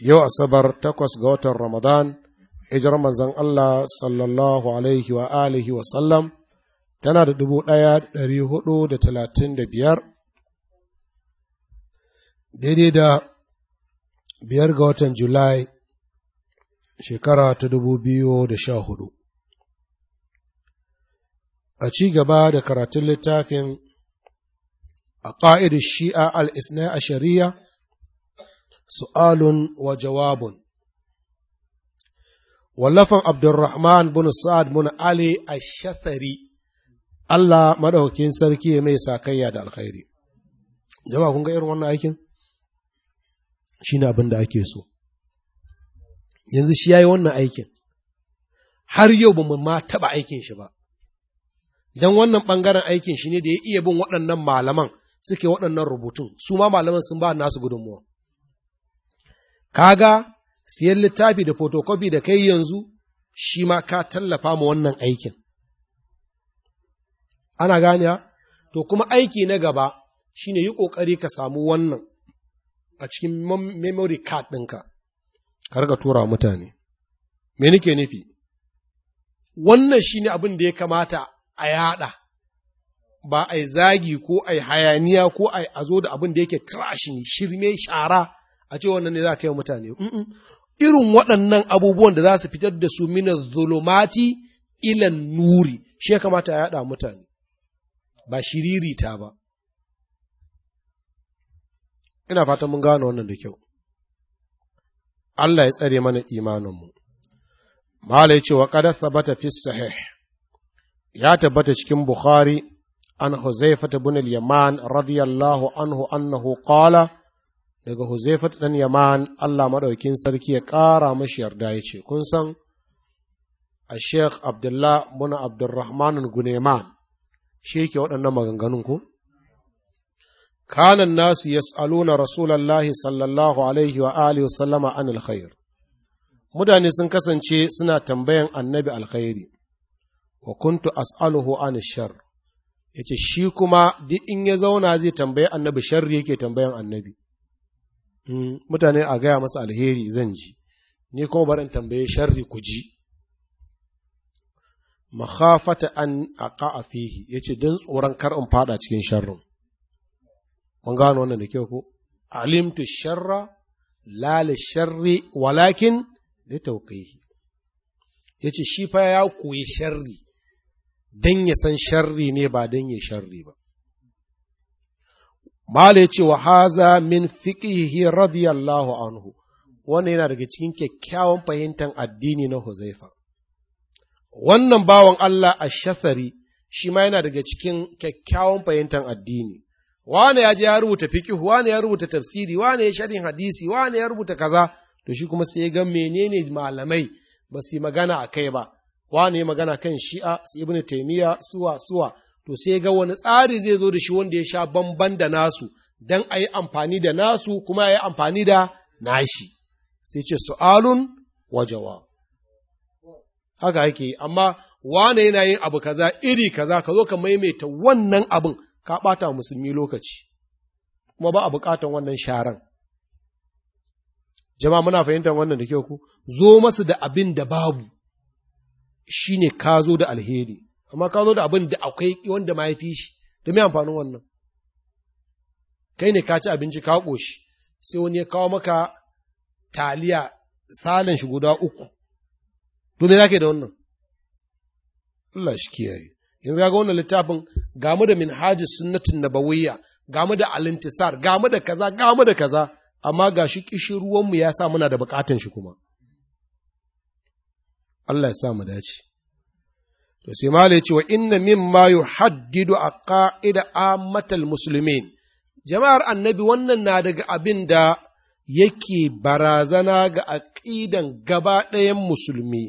yau asabar takwas ga watan ramadan hijirar manzan Allah sallallahu alaihi wa alihi wa sallam tana da dubu ɗaya ɗari hudu da talatin da biyar daidai da biyar ga watan julai shekara ta dubu biyu da sha hudu a ci gaba da karatun littafin a ƙa'idar shi'a al-isna a shari'a su'alun wa jawabun wallafan Abdulrahman bin sa'ad bin ali ash-shathari Allah madaukakin sarki mai sakayya da alkhairi jama'a kun ga irin wannan aikin shine abin da ake so yanzu shi yayi wannan aikin har yau ba mu ma taba aikin shi ba dan wannan bangaren aikin shi ne da ya iya bin waɗannan malaman suke waɗannan rubutun su ma malaman sun ba nasu gudunmuwa kaga siyan littafi da fotokofi da kai yanzu shi ma ka tallafa ma wannan aikin ana ha? to kuma aiki na gaba shi ne yi ƙoƙari ka samu wannan a cikin memory card ɗinka ka riga tura mutane me nike nufi wannan shi ne abin da ya kamata a yada ba a zagi ko a hayaniya ko a zo da abin da yake trashin shirme shara a ce wannan ne za ka yi mutane irin waɗannan abubuwan da za su fitar da su mina zulumati ilan nuri shi ya kamata ya haɗa mutane ba shiririta ba ina fatan mun gano wannan da kyau Allah ya tsare mana imaninmu Mala ya ce wa ƙadar sabata fi sahih ya tabbata cikin Bukhari an Huzaifah ibn al-Yaman radiyallahu anhu annahu qala daga huzaifat ɗan yaman Allah maɗaukin sarki ya ƙara mashi yarda ya ce kun san a sheikh abdullah muna abdurrahman guneman shi yake waɗannan maganganun ku kanan nasu yas'aluna rasulallahi sallallahu alaihi wa alihi wasallama an alkhair mutane sun kasance suna tambayan annabi alkhairi wa kuntu as'aluhu an shar yace shi kuma duk in ya zauna zai tambayi annabi sharri yake tambayan annabi mutane a gaya masa alheri zan ji ni kuma barin tambaye sharri ku ji makhafata an aqa fihi yace dan tsoron kar in fada cikin sharrin mun gano wannan da kyau ko alimtu sharra la sharri walakin li tawqihi yace shi fa ya koyi sharri dan ya san sharri ne ba dan ya sharri ba Mala ya ce wa haza min fiƙihi radiyallahu anhu, wannan yana daga cikin kyakkyawan fahimtar addini na Huzaifa. Wannan bawan Allah a shasari shi ma yana daga cikin kyakkyawan fahimtar addini. Wane ya je ya rubuta fiƙihu, wane ya rubuta tafsiri, wane ya sharin hadisi, wane ya rubuta kaza, to shi kuma sai ya ga menene malamai ba su yi magana a kai ba, wane ya magana kan shi'a, su ibn taimiyya, suwa, suwa, to sai ga wani tsari zai zo da shi wanda ya sha bamban da nasu don a yi amfani da nasu kuma a yi amfani da nashi sai ce su'alun wajawa haka yake yi amma wane yana yin abu kaza iri kaza ka zo ka maimaita wannan abin ka bata musulmi lokaci kuma ba a bukatan wannan sharan jama'a muna fahimtar wannan da kyau ku zo masu da abin da babu shine ka zo da alheri amma ka zo da abin da akwai wanda ma ya fi shi da mai amfanin wannan kai ne ka ci abinci ka koshi sai wani ya kawo maka taliya salin shi guda uku to me zaka da wannan Allah shi kiyaye yanzu ga wannan littafin ga da minhaji sunnatin nabawiyya ga mu da alintisar ga da kaza ga da kaza amma ga shi kishin ruwanmu ya sa muna da bukatun shi kuma Allah ya sa mu dace to sai mala ya ce wa inna mimma yuhaddidu aqaida amatal muslimin jama'ar annabi wannan na daga abin da yake barazana ga aƙidan gaba ɗayan musulmi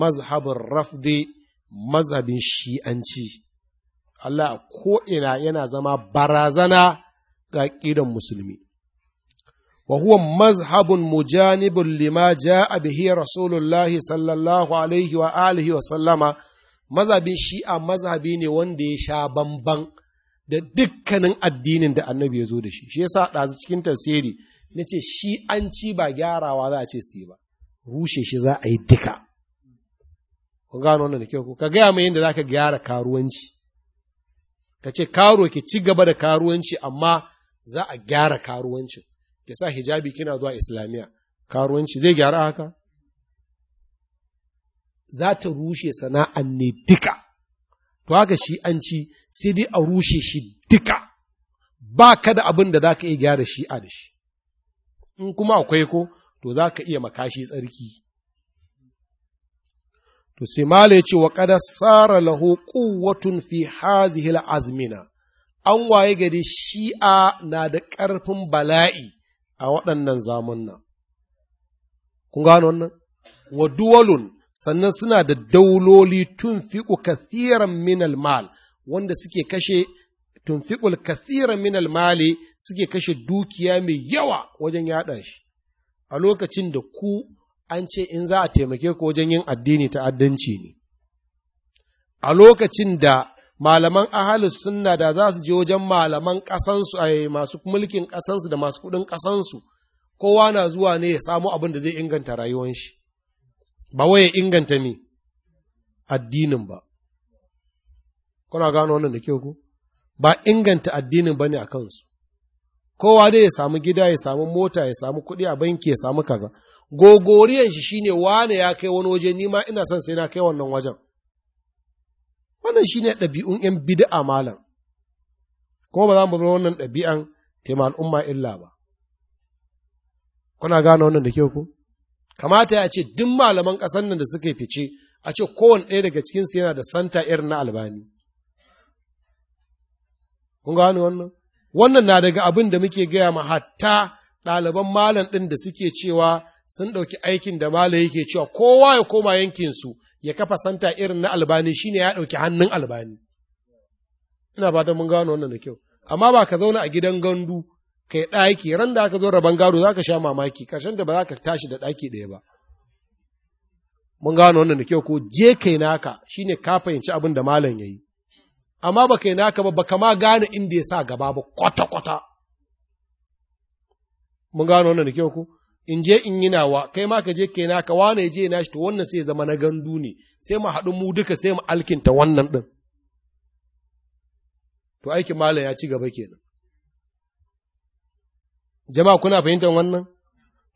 mazhabin rafdi mazhabin shi'anci Allah ko'ina yana zama barazana ga aƙidan musulmi wa huwa mazhabun mujanibun lima ja'a bihi rasulullahi sallallahu alaihi wa alihi wa sallama mazabin shi'a mazhabi ne wanda ya sha bamban da dukkanin addinin da annabi ya zo da shi shi yasa ɗazu cikin tafsiri na ce shi an ci ba gyarawa za a ce su ba rushe shi za a yi duka ku gano wannan da kyau ku ka gaya mai yadda za ka gyara karuwanci ka ce karo ki ci gaba da karuwanci amma za a gyara karuwancin ya sa hijabi kina zuwa islamiyya karuwanci zai gyara haka za ta rushe sana'an ne duka, to haka shi an ci sai dai a rushe shi duka, ba ka da abin da za ka iya gyara shi'a da shi, in kuma akwai ko, to za ka iya makashi tsarki. To sai Mala ya ce wa kada tsara laho kowatun fi hazihil azmina, an waye gari shi'a na da ƙarfin bala'i a waɗannan zamanna. Kun gano wannan? Wa duwalun sannan suna da dauloli tun fiƙo kathiran minal mal wanda suke kashe tun fiƙo kathiran minal mali suke kashe dukiya mai yawa wajen yaɗa shi a lokacin da ku an ce in za a taimake ku wajen yin addini ta'addanci ne a lokacin da malaman ahalus sunna da za su je wajen malaman ƙasansu a masu mulkin ƙasansu da masu kuɗin ƙasansu kowa na zuwa ne ya samu abin da zai inganta rayuwar shi ba waye inganta mi addinin ba kuna gano wannan da kyau ku ba inganta addinin ba ne a kansu kowa dai ya samu gida ya samu mota ya samu kuɗi a banki ya samu kaza gogoriyan shi shine wane ya kai wani waje ni ma ina son sai na kai wannan wajen wannan shine ɗabi'un yan bid'a malam kuma ba za mu bar wannan ɗabi'an taimakon al'umma illa ba kuna gano wannan da kyau ku kamata ya ce duk malaman kasan nan da suka fice a ce kowane ɗaya daga cikinsu yana da santa irin na albani kun gano wannan wannan na daga abin da muke gaya ma hatta ɗaliban malam ɗin da suke cewa sun ɗauki aikin da mala yake cewa kowa ya koma yankinsu ya kafa santa irin na albani shine ya ɗauki hannun albani ina ba mun gano wannan da kyau amma ba ka zauna a gidan gandu kai ɗaki ran da aka zo rabon gado za ka sha mamaki ƙarshen da ba za ka tashi da ɗaki ɗaya ba mun gano wannan da kyau ko je kai naka shi ne ka fahimci abin da malam yi, amma ba kai naka ba baka ma gane inda ya sa gaba ba kwata kwata mun gano wannan da kyau ko in je in yi nawa kai ma ka je kai naka wane je na shi to wannan sai zama na gandu ne sai mu haɗu mu duka sai mu alkinta wannan ɗin to aikin malam ya ci gaba kenan Jama'a kuna fahimtar wannan?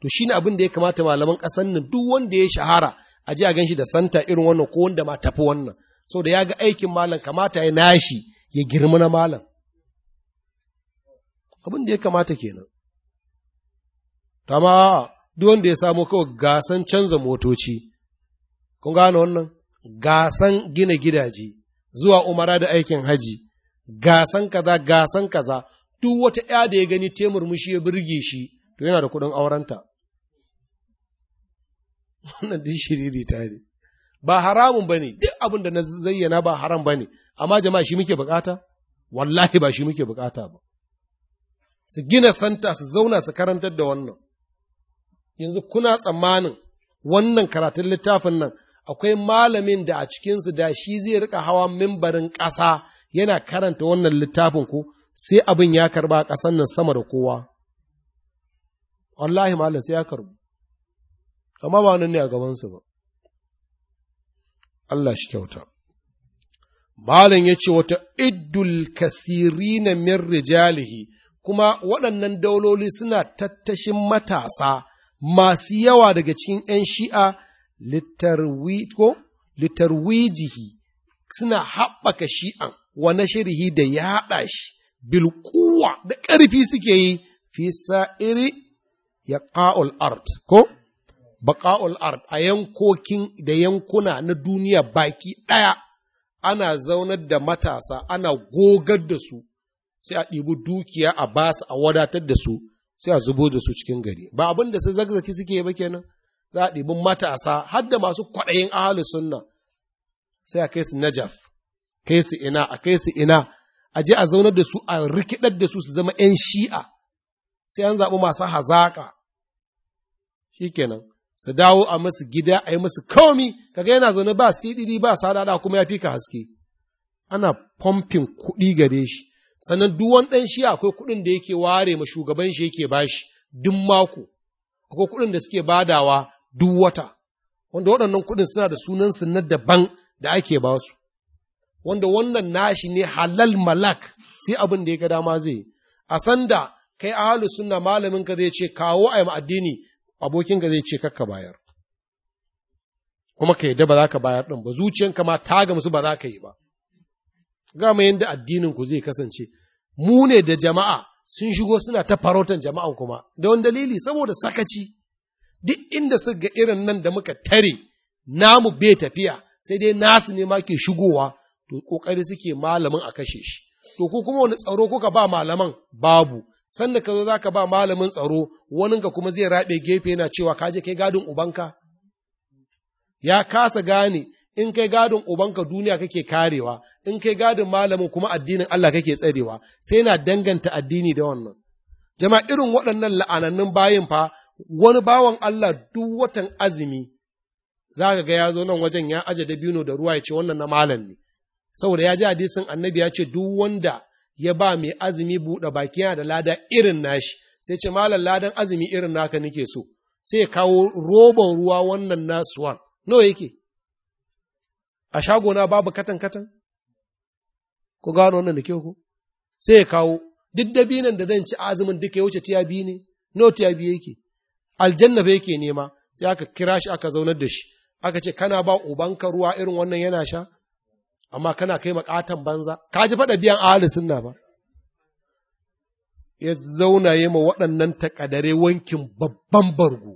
To shi ne abin da ya kamata malaman kasan nan duk wanda ya shahara a ji a gan da santa irin wannan ko wanda ma tafi wannan. So da ya ga aikin malam kamata ya nashi ya girma na malam. Abin da ya kamata kenan. Tama duk wanda ya samu kawai gasan canza motoci. Kun gane wannan? Gasan gina gidaje, zuwa umara da aikin haji, gasan kaza, gasan kaza, duk wata ‘ya da ya gani temur mushi ya birge shi, to yana da kuɗin aurenta. Wannan din shiriri ta ne. Ba haramun ba ne, duk abin da na zayyana ba haram ba ne, amma jama'a shi muke bukata? Wallahi ba shi muke bukata ba. Su gina santa su zauna su karantar da wannan. Yanzu kuna tsammanin wannan karatun littafin nan akwai malamin da a cikinsu da shi zai rika hawa mimbarin ƙasa yana karanta wannan littafin ko sai abin ya karba a ƙasan nan sama da kowa wallahi malam sai ya karbu amma ba nan ne a gabansu ba Allah shi kyauta malam ya ce wata iddul kasirina min rijalihi kuma waɗannan dauloli suna tattashin matasa masu yawa daga cikin ‘yan shi'a littarwijihi suna haɓaka shi'an wa na shirhi da yaɗa shi bilkuwa da ƙarfi suke yi fi sa'iri ya ƙa'ul art ko ba baƙa'ul art a yankokin da yankuna na duniya baki ɗaya ana zaunar da matasa ana gogar da su sai a ɗibi dukiya a basu a wadatar da su sai a zubo da su cikin gari ba abin da su zagzaki suke ba kenan za a ɗibi matasa har da masu kwaɗayin ahalu sunna sai a kai su najaf kai su ina a kai su ina a je a zaunar da su a rikidar da su su zama ‘yan shi'a, sai an zaɓi masu hazaƙa, shi kenan, su dawo a masu gida a yi masu kaumi, kaga yana zaune ba siɗiri ba sadada kuma ya fi ka haske, ana pompin kuɗi gare shi, sannan duk ɗan shi'a akwai kuɗin da yake ware ma shugaban shi yake bashi duk mako, akwai kuɗin da suke badawa duk wata, wanda waɗannan kuɗin suna da sunansu na daban da ake ba su. wanda wannan nashi ne halal malak sai abin da ya ga dama zai a sanda kai ahalus sunna malamin ka zai ce kawo a addini abokin ka zai ce kakka bayar kuma ka yadda ba za ka bayar ɗin ba zuciyanka ma ta musu ba za ka yi ba gama yadda addinin ku zai kasance mu ne da jama'a sun shigo suna ta farautan jama'an kuma da wani dalili saboda sakaci duk inda su ga irin nan da muka tare namu bai tafiya sai dai nasu ne ma ke shigowa to kokari suke malamin a kashe shi to ko kuma wani tsaro kuka ba malaman babu sanda ka zo zaka ba malamin tsaro wani ka kuma zai rabe gefe yana cewa ka je kai gadin ubanka ya kasa gane in kai gadin ubanka duniya kake karewa in kai gadin malamin kuma addinin Allah kake tsarewa sai na danganta addini da wannan jama irin waɗannan la'anannun bayin fa wani bawan Allah duk watan azumi za ka ga ya zo nan wajen ya aje dabino da ruwa ya ce wannan na malam ne saboda ya ji hadisin annabi ya ce duk wanda ya ba mai azumi buɗe baki yana da lada irin nashi sai ce malam ladan azumi irin naka nake so sai ya kawo roban ruwa wannan nasuwan nawa yake a shagona babu katan katan ku gano wannan da kyau ku sai ya kawo duk dabinan da zan ci azumin duka ya wuce tiya biyu ne nawa tiya biyu yake aljanna ba yake nema sai aka kira shi aka zaunar da shi aka ce kana ba ubanka ruwa irin wannan yana sha amma kana kai makatan banza, ka ji faɗa biyan ahalin sunna ba. Ya zauna yi ma waɗannan takadare wankin babban bargo.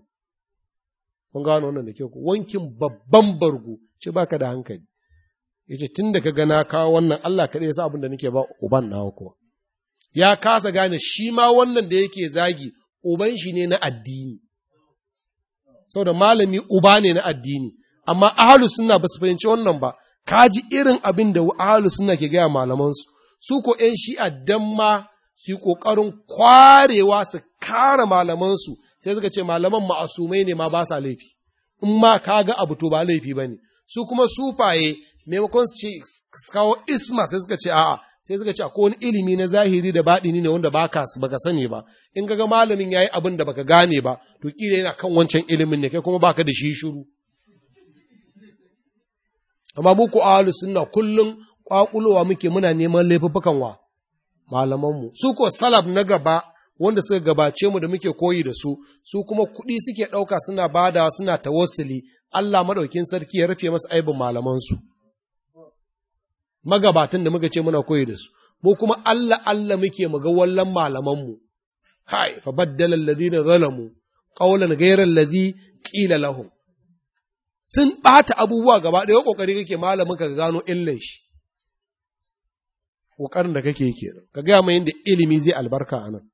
Kun gano wannan da kyau wankin babban bargo, ce baka da hankali. Yace tun da ka gana kawo wannan Allah kaɗai ya sa abin da nake ba uban nawa kuwa. Ya kasa gane shi ma wannan da yake zagi uban shi ne na addini. Sau da malami uba ne na addini, amma ahalu suna ba su fahimci wannan ba, Ka ji irin abin da wa'alu suna ke gaya malamansu su ko ‘yan shi'a don ma su ƙoƙarin kwarewa su kare malamansu sai suka ce malaman ma'asumai ne ma ba sa laifi in ma ka ga abu to ba laifi ba ne su kuma sufaye maimakon su ce su kawo isma sai suka ce a'a sai suka ce akwai wani ilimi na zahiri da baɗi ne wanda baka baka sani ba in ga malamin ya yi abin da baka gane ba to kila yana kan wancan ilimin ne kai kuma baka da shi shiru amma mu ku ahlus sunna kullum kwakulowa muke muna neman laifukan wa malamanmu su ko salaf na gaba wanda suka gabace mu da muke koyi da su su kuma kuɗi suke ɗauka suna bada suna tawassuli Allah madaukin sarki ya rufe masa aibin malamansu magabatan da muka ce muna koyi da su mu kuma Allah Allah muke mu ga wallan malamanmu hai fa baddala alladhina zalamu qawlan ghayra allazi qila lahum sun ɓata abubuwa gaba ɗaya ƙoƙari kake malamin ka gano illan shi ƙoƙarin da kake kenan ka gaya mai yadda ilimi zai albarka a nan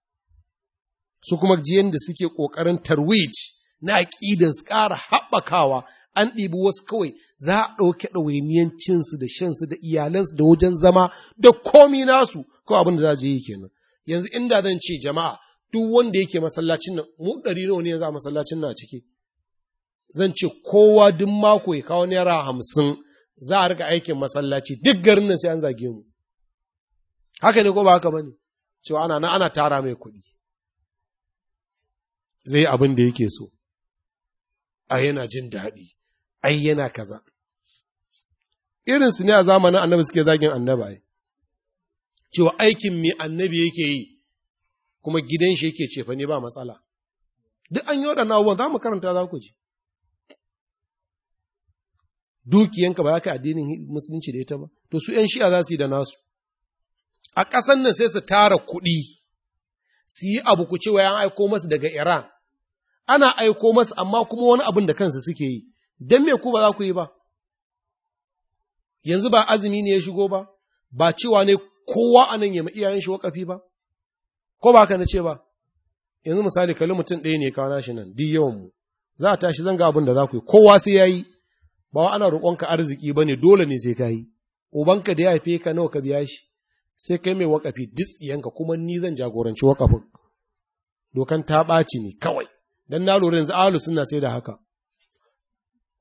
su kuma ji yadda suke ƙoƙarin tarwij na aƙidan su ƙara haɓakawa an ɗibi wasu kawai za a ɗauke ɗawainiyan cinsu da shansu da iyalansu da wajen zama da komi nasu kawai abin da za yi kenan yanzu inda zan ce jama'a duk wanda yake masallacin nan mu ɗari nawa ne yanzu a masallacin nan a ciki zan ce kowa duk mako ya kawo naira hamsin za a rika aikin masallaci duk garin nan sai an zage mu haka ne ko ba haka bane cewa ana na ana tara mai kuɗi zai abin da yake so A yana jin daɗi ai yana kaza irin su ne a zamanin annabi suke zagin ai cewa aikin mai annabi yake yi kuma gidan shi yake cefa ne ba matsala duk an yi waɗannan abubuwan za mu karanta za ku ji dukiyanka ba za ka addinin musulunci da ita ba to su ‘yan shi'a za su yi da nasu a ƙasan nan sai su tara kuɗi su yi abu ku cewa an aiko masu daga Iran ana aiko masu amma kuma wani abin da kansu suke yi don me ku ba za ku yi ba yanzu ba azumi ne ya shigo ba ba cewa ne kowa a nan yamma iyayen shi wakafi ba ko ba ka na ce ba yanzu misali kalli mutum ɗaya ne kawo nashi nan duk yawan mu za a tashi zanga abin da za ku yi kowa sai ya yi ba ana roƙonka arziki ba ne dole ne sai ka yi ubanka da ya haife ka nawa ka biya shi sai kai mai wakafi ditsiyanka kuma ni zan jagoranci wakafin dokan ta ɓaci ne kawai don na lura yanzu alu suna sai da haka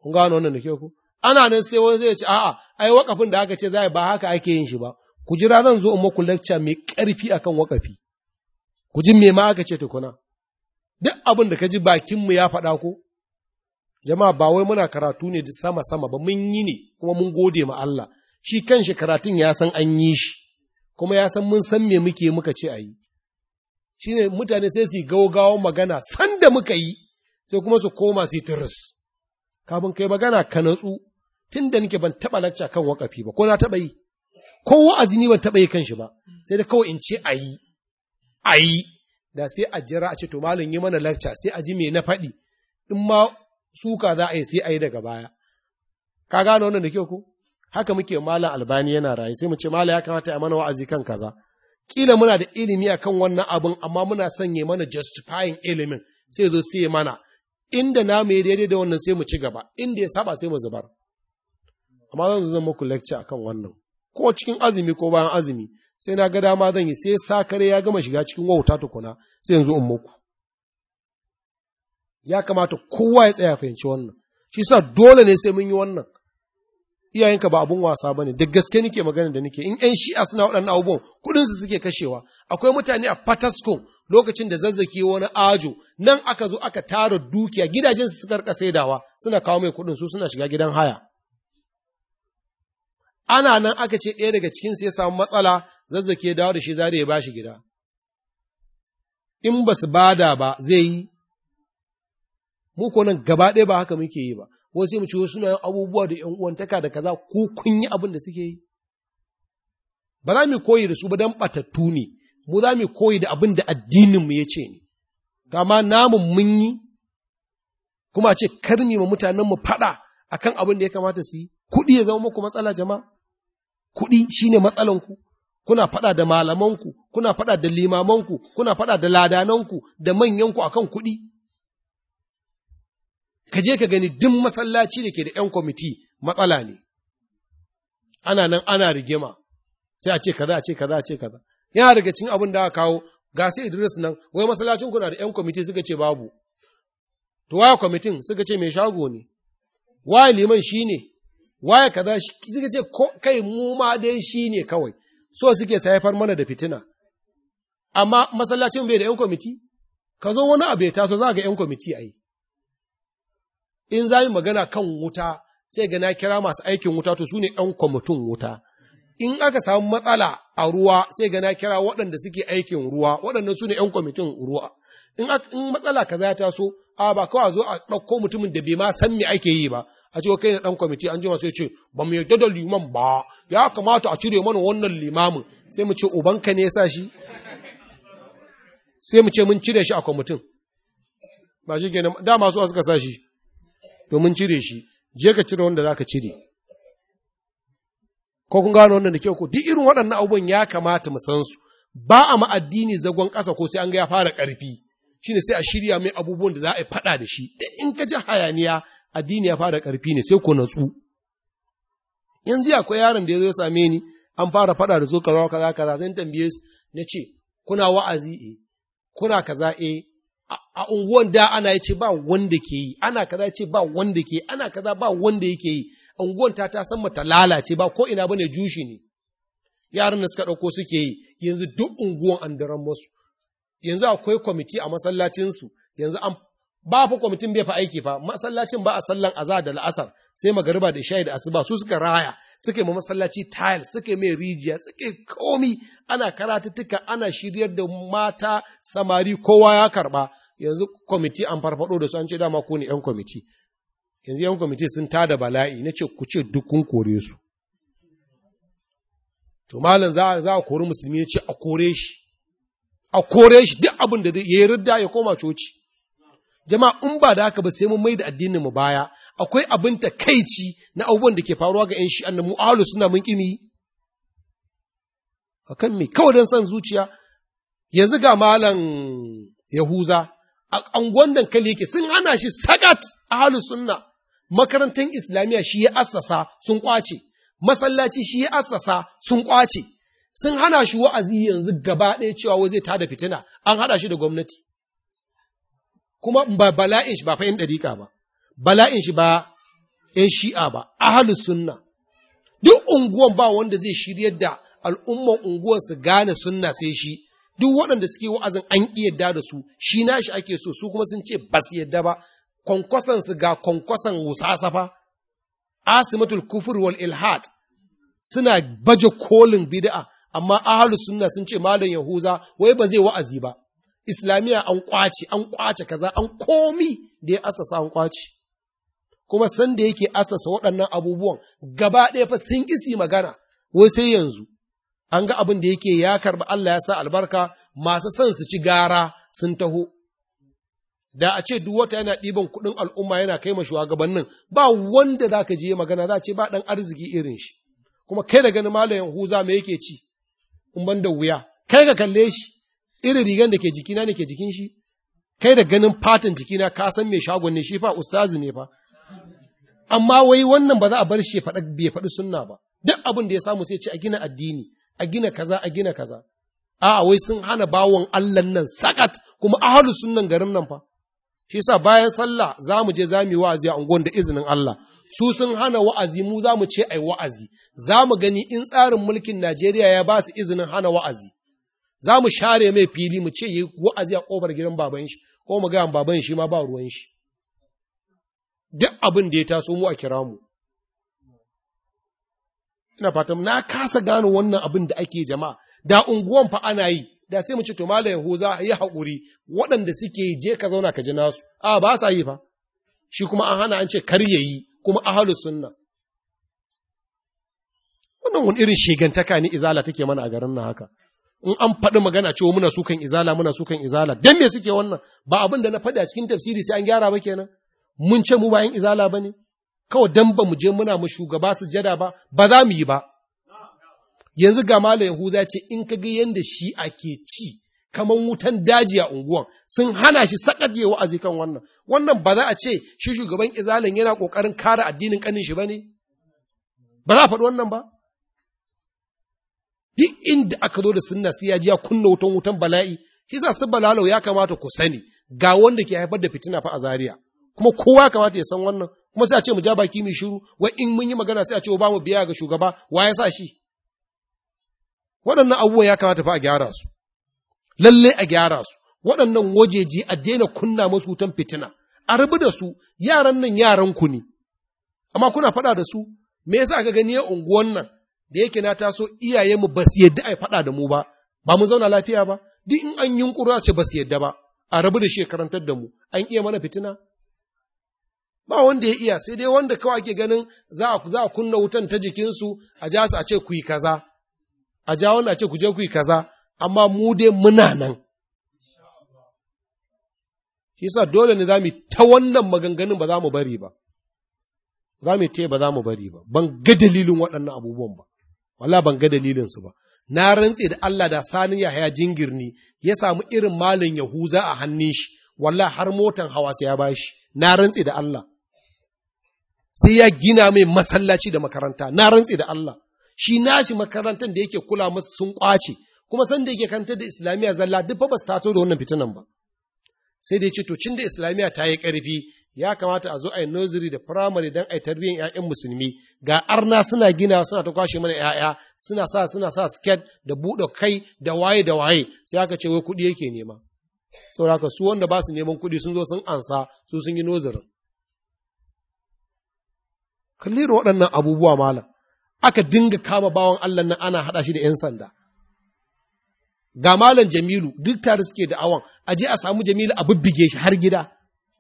kun gano wannan da ke ku ana nan sai wani zai ce a'a ai wakafin da aka ce za a ba haka ake yin shi ba ku jira zan zo in maku lakca mai ƙarfi akan wakafi ku ji me ma aka ce tukuna duk abin da ka ji bakinmu ya faɗa ko jama'a ba wai muna karatu ne sama-sama ba mun yi ne kuma mun gode ma Allah shi kanshi karatun ya san an yi shi kuma ya san mun san me muke muka ce a yi shi ne mutane sai su gaugawa magana sanda muka yi sai kuma su koma su yi tiris kafin kai magana ka natsu tun da nake ban taɓa lacca kan wakafi ba ko na taɓa yi ko wa'azi ni ban taɓa yi kanshi ba sai da kawai in ce a yi a yi da sai a jira a ce to malam yi mana lacca sai a ji me na faɗi in ma suka za a yi sai a yi daga baya ka gano wannan da kyau ko haka muke malam albani yana rayu sai mu ce malam ya kamata ya mana wa'azi kan kaza kila muna da ilimi a kan wannan abin amma muna sanya mana justifying ilimin sai zo sai mana inda na mai daidai da wannan sai mu ci gaba inda ya saba sai mu zubar amma zan zan muku lecture akan wannan ko cikin azumi ko bayan azumi sai na ga dama zan yi sai sakare ya gama shiga cikin wauta tukuna sai yanzu in muku ya kamata kowa ya tsaya fahimci wannan shi sa dole ne sai mun yi wannan iyayenka ba abun wasa ba ne. da gaske nake magana da nike. in yan shi'a suna waɗannan abubuwan kuɗinsu su suke kashewa akwai mutane a Patasko lokacin da zazzaki wani ajo nan aka zo aka tara dukiya gidajen su suka rika saidawa suna kawo mai kuɗin su suna shiga gidan haya ana nan aka ce ɗaya daga cikin su ya samu matsala zazzaki ya dawo da shi zare ya bashi gida in ba su bada ba zai yi mu ko nan gaba ɗaya ba haka muke yi ba wasu mu ciwo suna yin abubuwa da ƴan uwantaka da kaza ko kun yi abin da suke yi ba za mu koyi da su ba dan batattu ne mu za mu koyi da abin da addinin mu yace ne kama namu mun yi kuma ce kar mu ma mutanen mu fada akan abin da ya kamata su yi kuɗi ya zama muku matsala jama'a kuɗi shine matsalan ku kuna faɗa da malamanku, kuna faɗa da limamanku, kuna faɗa da ladananku, da manyanku a kan kuɗi, ka je ka gani duk masallaci da ke da ‘yan kwamiti matsala ne, ana nan ana rigima, sai a ce kaza, a ce kaza, a ce kaza. Yana daga cin abin da aka kawo, ga sai Idris nan, wai masallacin kuna da ‘yan kwamiti suka ce babu, to waya kwamitin suka ce mai shago ne, waya liman shi ne, waya kaza suka ce kai mu ma dai shi ne kawai, so suke saifar mana da fitina. Amma masallacin bai da ‘yan kwamiti, ka zo wani abu ya taso za ga ‘yan kwamiti a yi. in za magana kan wuta sai ga na kira masu aikin wuta to su ne ‘yan kwamitin wuta. In aka samu matsala a ruwa sai ga na kira waɗanda suke aikin ruwa, waɗannan su ne ‘yan kwamitin ruwa. In matsala ka za ta so, a ba kawa zo a ɗauko mutumin da bai ma san me ake yi ba, a ce kai ne ɗan kwamiti an ji sai ce ba mu yarda da liman ba, ya kamata a cire mana wannan limamin sai mu ce ubanka ne sa shi, sai mu ce mun cire shi a kwamitin. Ba shi ke dama su suka sa shi. domin cire shi je ka cire wanda zaka cire ko kun gano wannan da kyau ko duk irin waɗannan abubuwan ya kamata mu san su ba a ma addini zagon kasa ko sai an ga ya fara ƙarfi shine sai a shirya mai abubuwan da za a faɗa da shi duk in ka ji hayaniya addini ya fara ƙarfi ne sai ku natsu yanzu akwai yaron da ya zo ya same ni an fara faɗa da zo kaza kaza kaza zan tambaye su na ce kuna wa'azi eh, kuna kaza eh, a unguwan da ana ya ce ba wanda ke yi ana kaza ce ba wanda ke ana kaza ba wanda yake yi unguwan ta ta san mata lalace ba ko ina bane jushi ne yaran da suka ɗauko suke yi yanzu duk unguwan an daren musu yanzu akwai kwamiti a masallacinsu yanzu an ba fa kwamitin bai fa aiki fa masallacin ba a sallan azza da la'asar sai magariba da shayi da asuba su suka raya suke ma masallaci tile suke mai rijiya suke komi ana karatuttuka ana shiryar da mata samari kowa ya karba yanzu kwamiti an farfado da su an ce dama ko ne 'yan kwamiti yanzu 'yan kwamiti sun tada bala'i na ce ku ce duk kore su to malam za a kori musulmi ya ce a kore shi a kore shi duk abin da ya yi rida ya koma coci jama'a in ba da haka ba sai mun mai da addinin mu baya akwai abin takaici na abubuwan da ke faruwa ga 'yan shi annamu ahalu suna mun kimi kan mai kawai don son zuciya yanzu ga malam yahuza a angon dankali yake sun hana shi sakat ahalu sunna makarantar islamiyya shi ya assasa sun kwace masallaci shi ya assasa sun kwace sun hana shi wa'azi yanzu gaba ɗaya cewa wai zai da fitina an hada shi da gwamnati kuma ba bala'in shi ba fa'in yan dariƙa ba bala'in shi ba ‘yan shi'a ba, ahalus sunna, duk unguwan ba wanda zai shiryar da al'umman unguwan su gane sunna sai shi, duk waɗanda suke wa'azin an yadda da su shi na shi ake so su kuma sun ce ba su yadda ba kwankwasan su ga kwankwasan wusasafa asimatul kufur wal ilhad suna baje kolin bid'a amma ahlus sunna sun ce malam yahuza wai ba zai wa'azi ba islamiyya an kwace an kwace kaza an komi da ya asasa an kwace kuma sanda yake asasa waɗannan abubuwan gaba ɗaya fa sun isi magana wai sai yanzu an ga abin da yake ya karba Allah ya sa albarka masu son su ci gara sun taho da a ce duk wata yana ɗiban kuɗin al'umma yana kai ma shugabannin ba wanda za ka je magana za ce ba ɗan arziki irin shi kuma kai da ganin malayin huza me yake ci in ban da wuya kai ka kalle shi irin rigan da ke jikina ne ke jikin shi kai da ganin fatan jikina ka san mai shagon ne shi fa ustazi ne fa amma wai wannan ba za a bar shi ya faɗi sunna ba duk abin da ya samu sai ce a gina addini a gina kaza a gina kaza a'a wai sun hana bawon Allah nan sakat kuma ahalu sunnan garin nan fa shi yasa bayan sallah za mu je za wa'azi a unguwan da izinin Allah su sun hana wa'azi mu za mu ce ai wa'azi za mu gani in tsarin mulkin Najeriya ya ba su izinin hana wa'azi za mu share mai fili mu ce yi wa'azi a kofar gidan baban shi ko mu ga baban shi ma ba ruwan shi duk abin da ya taso mu a kira mu ina fata na kasa gano wannan abin da ake jama'a da unguwan fa ana yi da sai mu ce to malam yahuza yi haƙuri waɗanda suke je ka zauna ka ji nasu a ba sa yi fa shi kuma an hana an ce kar yi kuma ahlus sunna wannan wani irin shigantaka ne izala take mana a garin nan haka in an faɗi magana cewa muna sukan izala muna sukan izala don me suke wannan ba abin da na faɗi a cikin tafsiri sai an gyara ba kenan mun ce mu bayan izala ba ne. kawai dan ba mu je muna mu shugaba jada ba ba za mu yi ba yanzu ga malam yahuza ce in ka ga yadda shi ake ci kamar wutan daji a unguwan sun hana shi sakat ya wa'azi kan wannan wannan ba za a ce shi shugaban izalin yana ƙoƙarin kare addinin ƙanin shi ba ne? ba za a faɗi wannan ba duk inda aka zo da sunna sai ya ji ya kunna wutan wutan bala'i shi sa su balalau ya kamata ku sani ga wanda ke haifar da fitina fa a zaria kuma kowa kamata ya san wannan kuma sai a ce mu ja baki mai shiru wai in mun yi magana sai a ce ba mu biya ga shugaba wa ya sa shi waɗannan abubuwa ya kamata fa a gyara su lalle a gyara su waɗannan wajeji a daina kunna musu wutan fitina a rabu da su yaran nan yaran ku ne amma kuna faɗa da su me yasa aka gani ya unguwan nan da yake na taso iyaye ba su yadda a faɗa da mu ba ba mu zauna lafiya ba duk in an yunkura ce basu su yadda ba a rabu da shi karantar da mu an iya mana fitina ba wanda ya iya sai dai wanda kawai ake ganin za a kunna wutan ta jikinsu a ja su a ce ku yi kaza a ja wanda a ce ku je ku yi kaza amma mu dai muna nan shi yasa dole ne za mu ta wannan maganganun ba za mu bari ba za mu ta ba za mu bari ba ban ga dalilin waɗannan abubuwan ba wala ban ga dalilinsu ba na rantse da Allah da sanin Yahaya jingirni ya samu irin malin Yahuza a hannun shi Wala har motan hawa sai ya bashi na rantse da Allah sai ya gina mai masallaci da makaranta na rantse da Allah shi nashi makarantar da yake kula masu sun kwace kuma sanda yake kantar da islamiyya zalla duk fa ba su taso da wannan fitinan ba sai dai ce to cin da islamiyya ta yi karfi ya kamata a zo a yi nursery da primary don a yi tarbiyyar 'ya'yan musulmi ga arna suna gina suna ta kwashe mana 'ya'ya suna sa suna sa sket da buɗe kai da waye da waye sai aka ce wai kuɗi yake nema saboda su wanda ba su neman kuɗi sun zo sun ansa su sun yi nozirin kalli da waɗannan abubuwa malam aka dinga kama bawan Allah nan ana haɗa shi da ‘yan sanda. Ga malam Jamilu duk tare suke da awon, a je a samu Jamilu a bibbige shi har gida,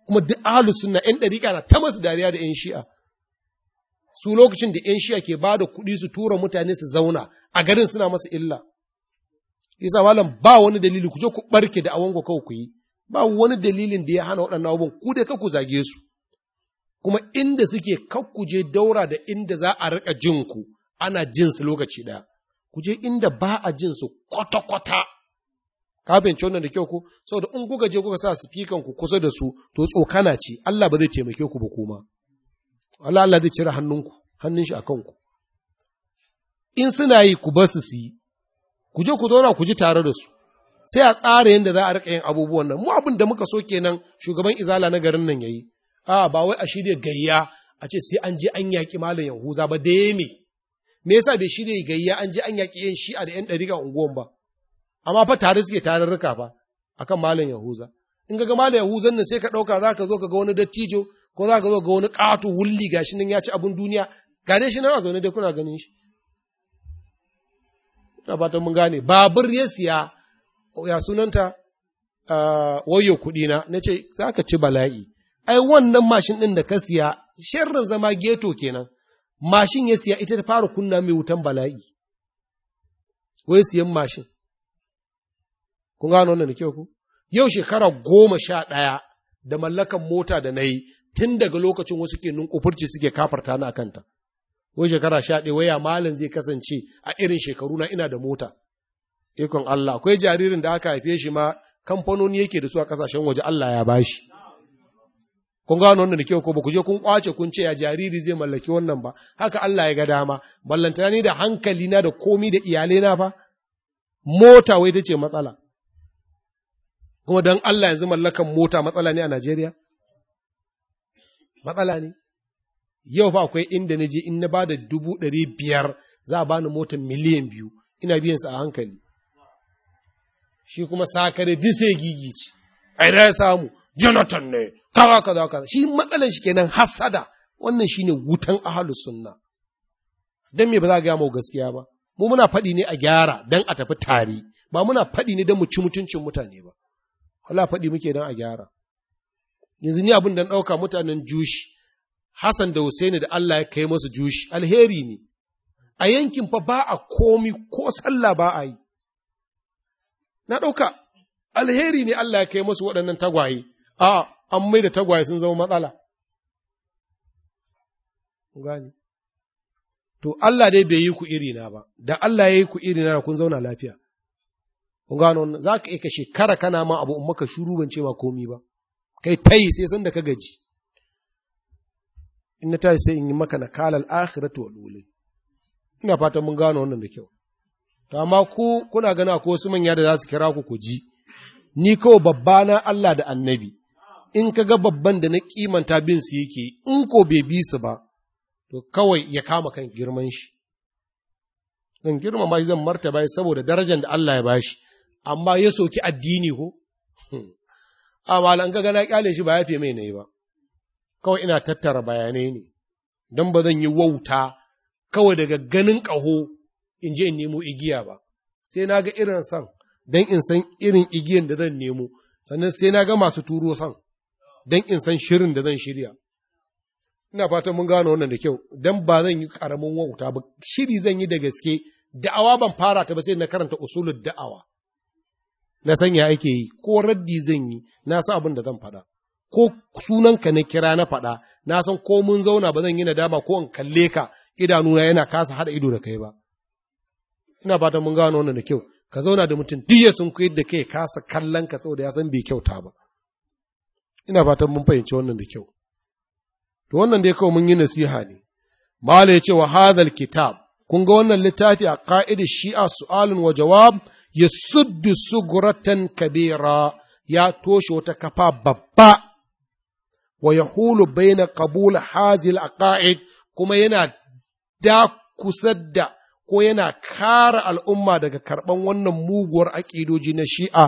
kuma duk ahlus sunna ‘yan ɗariƙa na ta masu dariya da ‘yan shi'a. Su lokacin da ‘yan shi'a ke ba da kuɗi su tura mutane su zauna a garin suna masa illa. Isa malam ba wani dalili ku je ku ɓarke da awon ku kawai ku yi, ba wani dalilin da ya hana waɗannan abubuwan ku dai ka ku zage su. kuma inda suke kuje daura da inda za a riƙa jinku ana jinsu lokaci ɗaya Kuje inda ba a jinsu kwata-kwata kafin wannan da kyau ku saboda in kuka je kuka sa sifikan ku kusa da su to tsokana ce Allah ba zai taimake ku ba kuma Allah Allah zai cire hannunku hannun shi akan ku in suna yi ku ba su su yi ku je ku zauna ku ji tare da su sai a tsara yadda za a rika yin abubuwan nan mu abin da muka so kenan shugaban izala na garin nan yayi a ba wai a shirya gayya a ce sai an je an yaƙi malam yahuza ba da me me yasa bai shirya gayya an je an yaƙi shi a da yan ɗariƙa unguwan ba amma fa tare suke tarurruka fa akan malam yahuza in ga malam yahuzan nan sai ka ɗauka za ka zo ka ga wani dattijo ko za ka zo ga wani ƙato wulli gashi nan ya ci abin duniya gane shi nan a zaune dai kuna ganin shi ta fatan mun gane babur ya siya ya sunanta ah, wayo kuɗi na na ce za ka ci bala'i ai wannan mashin ɗin da ka siya sharrin zama geto kenan mashin ya siya ita ta fara kunna mai wutan bala'i wai siyan mashin kun gano wannan da kyau ku yau shekara goma sha ɗaya da mallakan mota da na yi tun daga lokacin wasu ke kufurci suke kafarta na kanta wai shekara sha ɗaya waya malam zai kasance a irin shekaru na ina da mota ikon Allah akwai jaririn da aka haife shi ma kamfanoni yake da su a ƙasashen waje Allah ya bashi kun gano wannan da kyau ko ba ku je kun kwace kun ce ya jariri zai mallaki wannan ba haka Allah ya ga dama ballanta ni da hankali na da komi da iyalai na fa mota wai tace matsala kuma dan Allah yanzu mallakan mota matsala ne a Najeriya matsala ne yau fa akwai inda na je in na bada dubu ɗari biyar za a bani motar miliyan biyu ina biyan sa a hankali shi kuma sakare dise gigici ai da ya samu Jonathan ne, kaza kaza shi matsalan shi kenan hasada wannan shi ne wutan ahalus sunna. Don me ba za a gaya mu gaskiya ba, mu muna faɗi ne a gyara don a tafi tare, ba muna faɗi ne don mu ci mutuncin mutane ba. Allah faɗi muke don a gyara. Yanzu ni abin da ɗauka mutanen jushi, Hassan da Hussaini da Allah ya kai masu jushi, alheri ne. A yankin fa ba a komi ko sallah ba a yi. Na ɗauka alheri ne Allah ya kai masu waɗannan tagwaye, a an mai da tagwaye sun zama matsala gani to Allah dai bai yi ku irina ba da Allah ya yi ku irina da kun zauna lafiya kun gano wannan za ka iya shekara kana ma abu in maka shuru ban cewa komi ba kai tayi sai san da ka gaji in na yi sai in yi maka nakalal akhiratu wal lule. ina fatan mun gano wannan da kyau to amma ku kuna gana ko wasu manya da za su kira ku ku ji ni kawai babba na Allah da annabi in ka ga babban da na kimanta bin su yake in ko bai bi su ba to kawai ya kama kan girman shi zan girma shi zan martaba shi saboda darajar da Allah ya bashi amma ya soki addini ko hmm. amma an ga na kyale shi ba ya fi mai nayi ba kawai ina tattara bayanai ne don ba zan yi wauta kawai daga ganin kaho in je in nemo igiya ba sai na ga irin san dan in san irin igiyan da zan nemo sannan sai na ga masu turo san don in san shirin da zan shirya. Ina fatan mun gano wannan da kyau, don ba zan yi ƙaramin wauta ba, shiri zan yi da gaske, da'awa ban fara ta ba sai na karanta usulun da'awa. Na san ya ake yi, ko raddi zan yi, na san abin da zan faɗa. Ko sunanka na kira na faɗa, na san ko mun zauna ba zan yi nadama ko in kalle ka idanuna yana kasa haɗa ido da kai ba. Ina fatan mun gano wannan da kyau, ka zauna da mutum duk ya sun da kai kasa kallon ka saboda ya san bai kyauta ba. ina fatan mun fahimci wannan da kyau to wannan dai kawai mun yi nasiha ne mala ya ce wa hadhal kitab kun ga wannan littafi a ka'idar shi'a Su'alin wa jawab ya suddu suguratan kabira ya toshe wata kafa babba wa ya hulu baina qabul hazil aqaid kuma yana da kusar da ko yana kara al'umma daga karɓan wannan muguwar aƙidoji na shi'a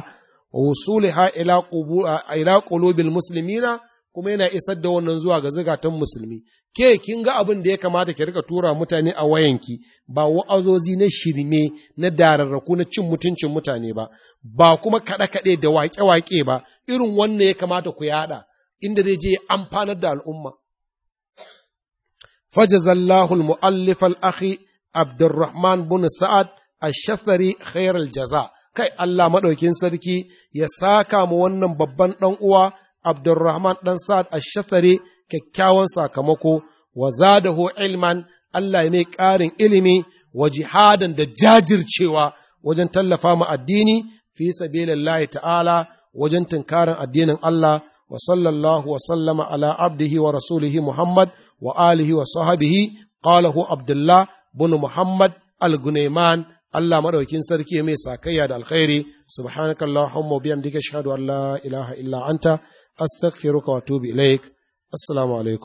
wa wusuliha ila qubu ila qulubil muslimina kuma yana isar da wannan zuwa ga zigatan musulmi ke kin ga abin da ya kamata ki rika tura mutane a wayanki ba wa'azozi na shirme na dararraku na cin mutuncin mutane ba ba kuma kaɗe kaɗe da waƙe waƙe ba irin wannan ya kamata ku yaɗa inda zai je amfanar da al'umma fajazallahu al-mu'allif al-akhi Abdurrahman bin Sa'ad ash-Shafari khairal jaza kai Allah maɗaukin sarki ya saka mu wannan babban ɗan uwa Abdulrahman ɗan Sa'ad Ash-Shafari kyakkyawan sakamako wa zadahu ilman Allah ya mai ƙarin ilimi wa jihadan da jajircewa wajen tallafa mu addini fi sabilillahi ta'ala wajen tunkarin addinin Allah wa sallallahu wa sallama ala abdihi wa rasulihi Muhammad wa alihi wa sahabihi qalahu Abdullah bin Muhammad al-Gunayman Allah maɗaukin sarki mai sakayya da alkhairi subhanakallahumma bihamdika ashhadu an la ilaha illa anta astaghfiruka wa atubu ilaik assalamu alaikum